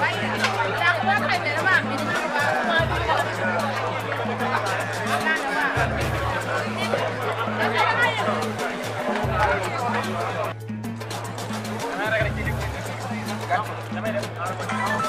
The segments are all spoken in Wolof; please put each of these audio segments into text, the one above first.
Vai minute.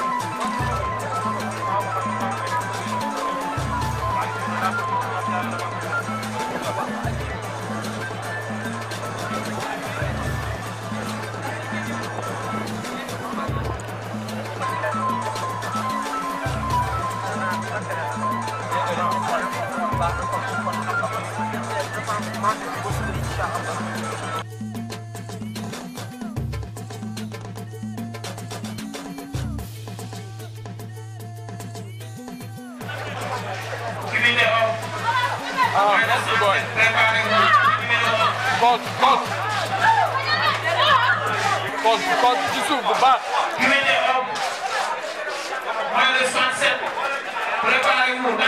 Ah, vamos embora. Volta, volta. Volta, volta de suco, vá. Prepara aí, número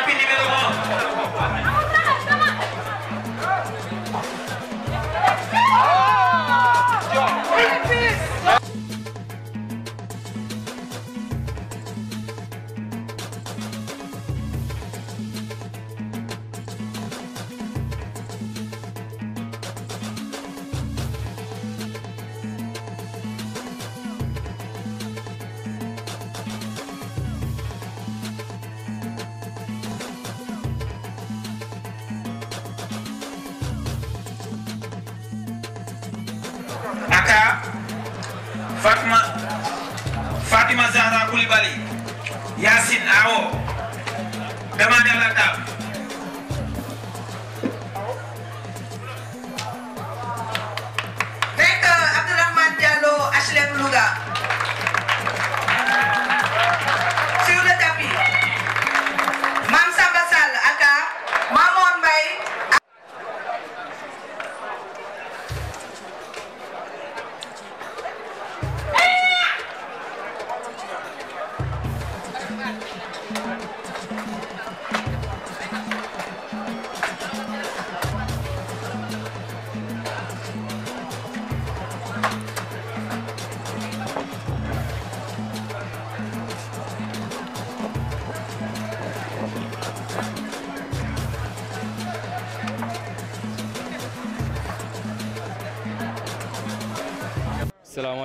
aka Fatma Fatima Zahra Coulibaly Yacine Awo demandeur la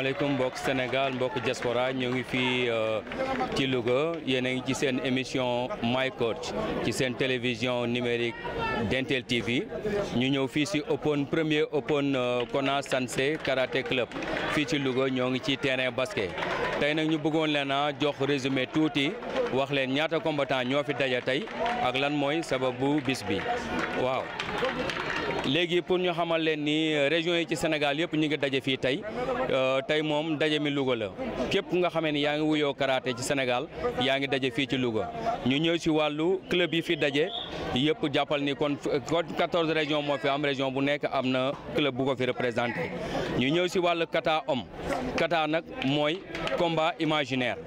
alaykum au Sénégal mbok diaspora euh, ci Louga émission My Coach ci une télévision numérique d'Intel TV ñu open premier open euh, Kona Sanse Karaté Club à ci Louga terrain basket tay nak ñu bëggoon résumé touti wax leen ñaata combattant ak lan léegi pour ñu xamal leen ni euh, régions yi ci Sénégal yëpp ñu ngi daje fii tey euh, tey moom daje mi Louga la képp nga xame ni yaa ngi wuyoo karaté ci Sénégal yaa ngi daje fii ci Louga ñu ñëw si wàllu club yi fi daje yëpp jàppal ni kon euh, kon 14 régions moo fi am région bu nekk am na club bu ko fi représenté. ñu ñëw si wàllu kata om kata nag mooy combat imaginaire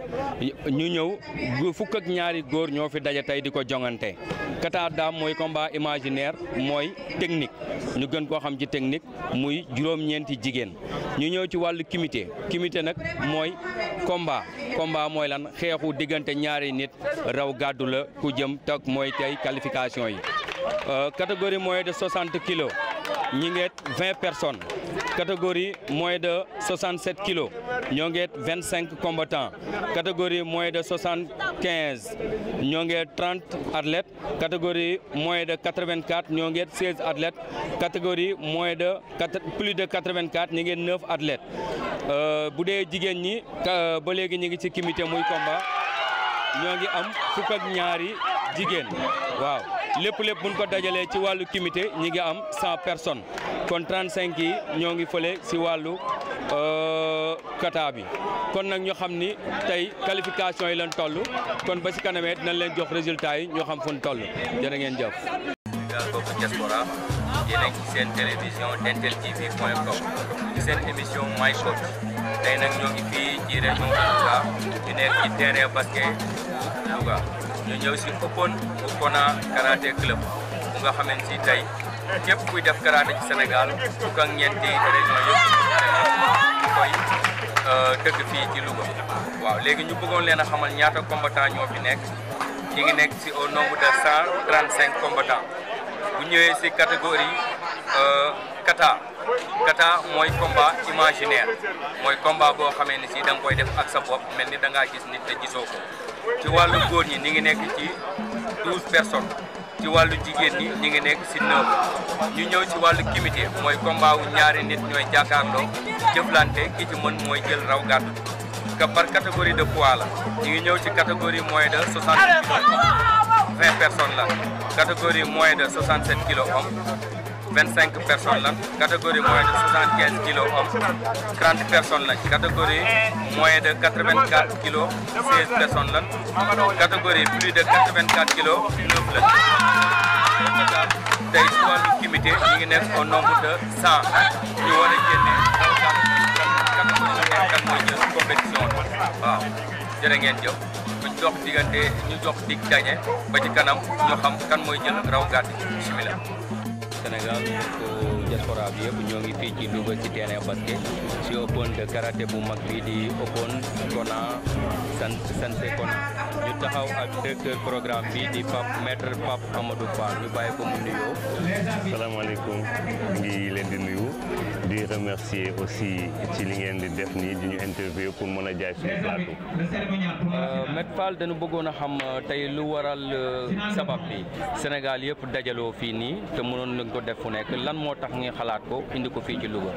ñu ñëw fukk ak ñaari góor ñoo fi daje tey di ko jongante kata daam mooy combat imaginaire mooy technique ñu gën koo xam ci technique muy juróom-ñeenti jigéen ñu ñëw ci wàllu kimité kimité nag mooy combat combat mooy lan xeexu diggante ñaari nit raw gàddu la ku jëm tak mooy tey qualification yi euh, catégorie moyen de 60 kilos ñi ngeet personnes catégorie moins de 67 kg nous 25 combattants catégorie moins de 75 nous 30 athlètes catégorie moins de 84 nous 16 athlètes catégorie moins de plus de 84 nous avons 9 athlètes Si vous avez ba qui combat lépp lépp buñ ko dajalee ci wàllu comité ñi ngi am cent personnes kon cinq yi ñoo ngi fële ci wàllu kata euh, bi kon nag ñu xam ni tey qualification yi lañ toll kon ba si kanamee dinañ leen jox résultat yi ñoo xam fu ñu toll jërë ngeen jëf. kooku diaspora yéen a ngi seen ñu ñëw si Open Opona Karaté Club bu nga xaman si tey képp kuy def karaté ci senegal fukk ak ñeenti région yëpp ñu koy dëkk euh, fii ci waaw léegi ñu bëggoon leen a xamal ñaata combattant ñoo fi nekk ñu ngi nekk si au nombre de 135 combattants bu ñëwee si catégorie euh, kata kata mooy combat imaginaire mooy combat boo xamee ni si da nga koy def ak sa bopp mel ni da ngaa gis nit te gisoo ci walu góor ñi ngi personnes ci walu jigéen ñi ngi comité combat ci jël par catégorie de poids la catégorie moins de 60 20 personnes la catégorie moins de 67 kg 25 personnes catégorie moyenne de 75 kg, 30 personnes catégorie moyenne de 84 kg, 16 personnes catégorie plus de 84 kg, 9 personnes au nombre de 100 compétition Senegal untuk diaspora bi yëpp ñoo ngi fii ci Louga ci si de di open kona sant sante kona ñu taxaw ak di pap maître pap amadou fa ñu bàyyi ko mu nuyoo salaamaaleykum ngi di remercier aussi ci li ngeen di def interview pour mën a jaay plateau euh, maître fall dañu bëggoon a xam euh, tey lu waral euh, sabab bi yëpp te nañ ko def fu lan tax ngi xalaat ko indi ko fii ci Louga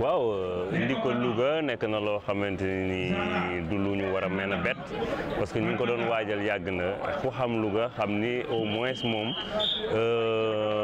waaw euh, indi ko Louga nekk na loo xamante ni du lu ñu war a mën a bett parce que ñu ko doon na ku xam au moins euh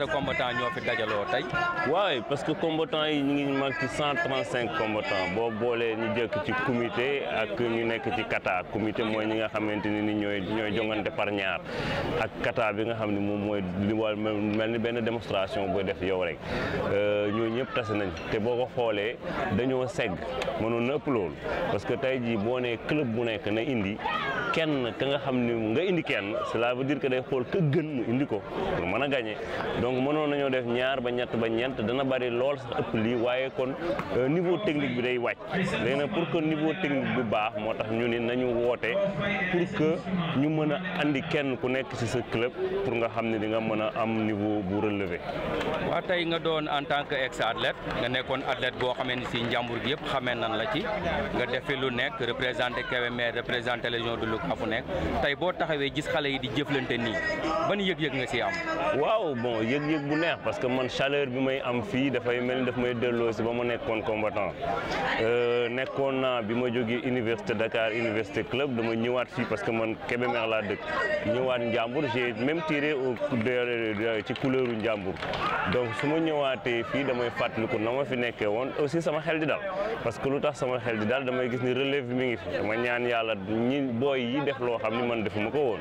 ñaata combattant ñoo fi dajaloo tey. waaye parce que combattant yi ñu ngi mag ci cent boo boolee ñu jëkk ci comité ak ñu nekk ci kata comité mooy ñi nga xamante ni ni ñooy ñooy jongante par ñaar ak kata bi nga xam ne moom mooy li wàll mel ni benn démonstration boo def yow rek euh, ñooñu ñëpp tase nañ te boo ko xoolee dañoo segg mënoon na ëpp lool parce que tey jii boo nee club bu nekk na indi kenn ka nga xam ni nga indi kenn cela veut dire que day xool ka indi ko donc mënoon nañoo def ñaar ba ñett ba ñent dana bari lool sax ëpp lii waaye kon euh, niveau technique bi day wàcc léegi nag pour que niveau technique bi baax moo ñu ni nañu woote pour que ñu mën a andi kenn ku nekk ci sa club pour nga xam ne di nga mën am niveau bu relevé waa tey nga doon en tant que ex athlète nga nekkoon athlète boo xamee ni si njàmbur gi yëpp xamee nan la ci nga defi lu nekk représenté Kébémer représenté région de Louga fu nekk tey boo taxawee gis xale yi di jëflante nii ban yëg-yëg nga si am waaw bon yëg-yëg bu neex parce que man chaleur bi may am fii dafay mel ni daf may delloo si ba ma nekkoon combattant euh, nekkoon naa bi ma jógee université Dakar université club dama ñëwaat fii parce que man Kébémer laa dëkk ñëwaat Njàmbur j'ai même tiré au ci couleuru Njàmbur donc su ma ñëwaatee fii damay fàttaliku na ma fi nekkee woon aussi sama xel di dal parce que lu sama xel di dal damay gis ni relève bi mi ngi fi dama ñaan yàlla ñi booy yi def loo xam man defuma ko woon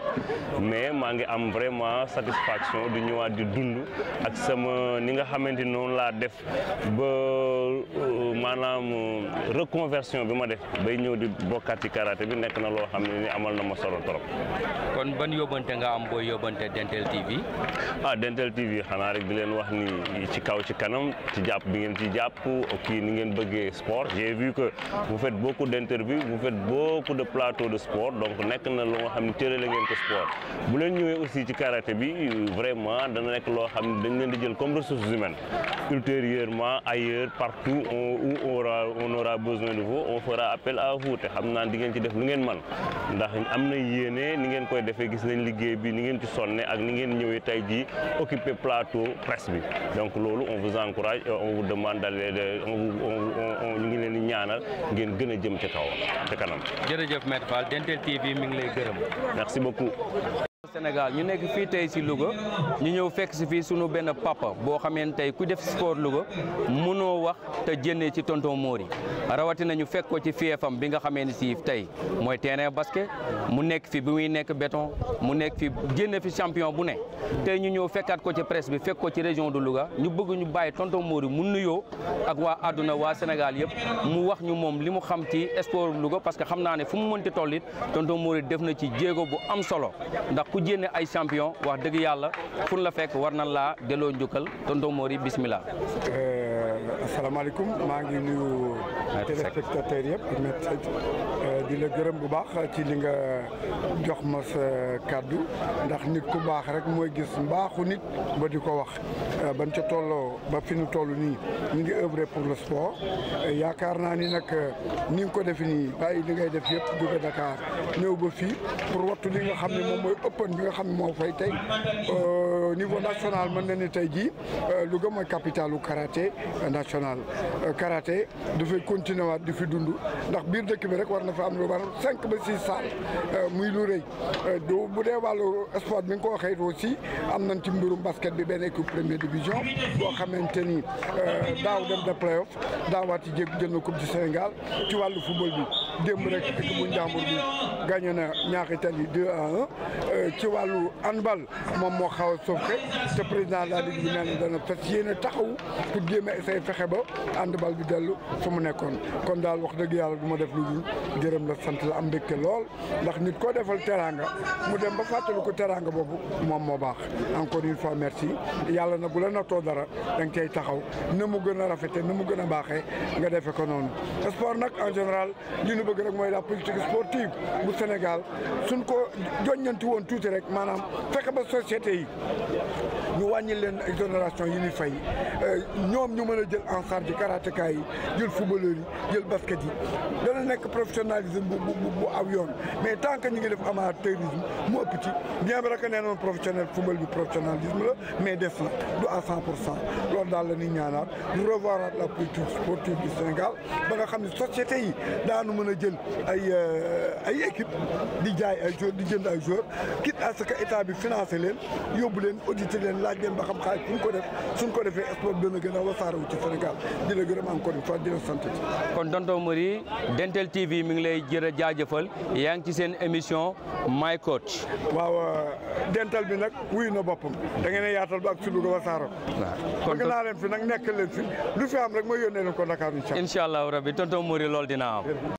mais maa ngi am vraiment satisfaction di ñëwaat di dund ak sama ni nga xamante noonu laa def ba euh, maanaam euh, reconversion bi ma def bay ñëw di bokkaat karaté bi nekk na loo xam amal na ma solo trop. kon ban yóbbante nga am booy yóbbante Dental TV. ah Dental TV xanaa rek di leen wax ni ci kaw ci kanam ci jàpp bi ngeen ci jàpp kii ni ngeen bëggee sport j'ai vu que vous faites beaucoup d'interviews vous faites beaucoup de plateaux de sport donc nekk na loo xam ne tërale ngeen ko sport bu leen ñëwee aussi ci karaté bi euh, vraiment dana nekk loo xam ne dañ leen di jël comme ressources humaines ultérieurement ailleurs partout où on aura on aura besoin de vous on fera appel à vous xam na di ngeen ci def lu ngeen man ndax am na yéene ni ngeen koy defee gis nañ liggéey bi ni ngeen ci sonne ak ni ngeen ñëwee tey jii occuper plateau presse bi donc loolu on vous encourage et euh, on vous demande d'aller on on ñu ngi leen di ñaanal ngeen gën a jëm ci kaw ca kanam. jërëjëf Maître Fall Dental TV mi ngi lay gërëm. merci beaucoup. Sénégal ñu nekk fii tey si Louga ñu ñëw fekk si fii sunu benn papa boo xamee ne ku def sport Louga mënoo wax te nous ci tonton Mori rawati nañu fekk ko ci bi nga xamee si tey mooy basket mu nekk fi bi muy nekk béton mu nekk fi fi champion bu ne tey ñu ñëw fekkaat ko ci presse bi fekk ko ci région de Louga ñu ñu tonton Mori mu nuyoo ak waa àdduna waa Sénégal yëpp mu wax ñu sport Louga parce que fu mu ku jénne ay champion wax dëgg yàlla fun la fekk war na laa delloo njukkal tonton Mori bismillah euh, asalaamaaleykum maa ngi nuyu téléspectateurs yëpp met euh, di la gërëm bu baax ci li nga jox ma sa kàddu ndax nit ku baax rek mooy gis mbaaxu nit ba di ko wax euh, ban ca tolloo ba fi nu toll nii ñu ngi œuvrer pour le sport euh, yaakaar naa ni nag ni ko defe nii bàyyi li ngay def yëpp jóge Dakar ñëw ba fii pour wattu li nga xam ne moom mooy open li nga xam ne moo fay tey niveau national mën na ni tey jii Louga mooy capitalu karaté national karate euh, karaté continuer à diffuser fi dund ndax biir bi na salles euh, euh, sport aussi en basket de première division pour maintenir euh, dans playoff du Sénégal vois le football démb rek équipe bu njàmbur bi gagné na ñaari tali 2 à 1 euh, ci wàllu handball moom moo xaw a sauvé te président de la ligue bi nee na dana fas yéene taxaw pour jéem a essayé fexe ba handball bi dellu fu mu nekkoon kon daal wax dëgg yàlla du ma def lu dul gërëm la sant la am mbégte lool ndax nit koo defal teraanga mu dem ba fàttali ko teraanga boobu moom moo baax encore une fois merci yàlla na bu la nattoo dara da nga taxaw na mu gën a rafete na mu gën a baaxee nga defe ko noonu bëgg rek mooy la politique sportive bu Sénégal suñ ko joññanti woon tuuti rek maanaam fexe ba société yi ñu wàññi leen exonération yi ñuy fay euh, ñoom ñu mën a jël en charge karatéka yi jël footballeur yi jël basket yi dana nekk professionnalisme bu bu bu aw yoon mais tant que ñu ngi def amateurisme mu ëpp ci bien vrai que nee noon professionnel football bi professionnalisme la mais des na du à cent pour cent loolu daal la ñuy ñaanaat ñu revoir la politique sportive du Sénégal ba nga xam ne société yi daanu mën a jël ay euh, ay équipe di jaay ay joueurs di jënd ay joueurs quitte à ce que état bi financé leen yóbbu leen audité leen leen laaj leen ba xam xaalis bu ko def suñ ko defee sport dina gën a wasaarewu ci Sénégal di la gërëm encore une fois di la sant kon tonton Marie Dental TV mi ngi lay jërë jaajëfal yaa ngi ci seen émission my coach waaw euh, dental bi nag wuyu na boppam da ngeen a yaatal ba ak sulu ko wasaaro waaw bëgg naa leen fi nag nekk fi lu fi am rek ma yónnee leen ko Dakar incha allah incha allah tonton Marie loolu dina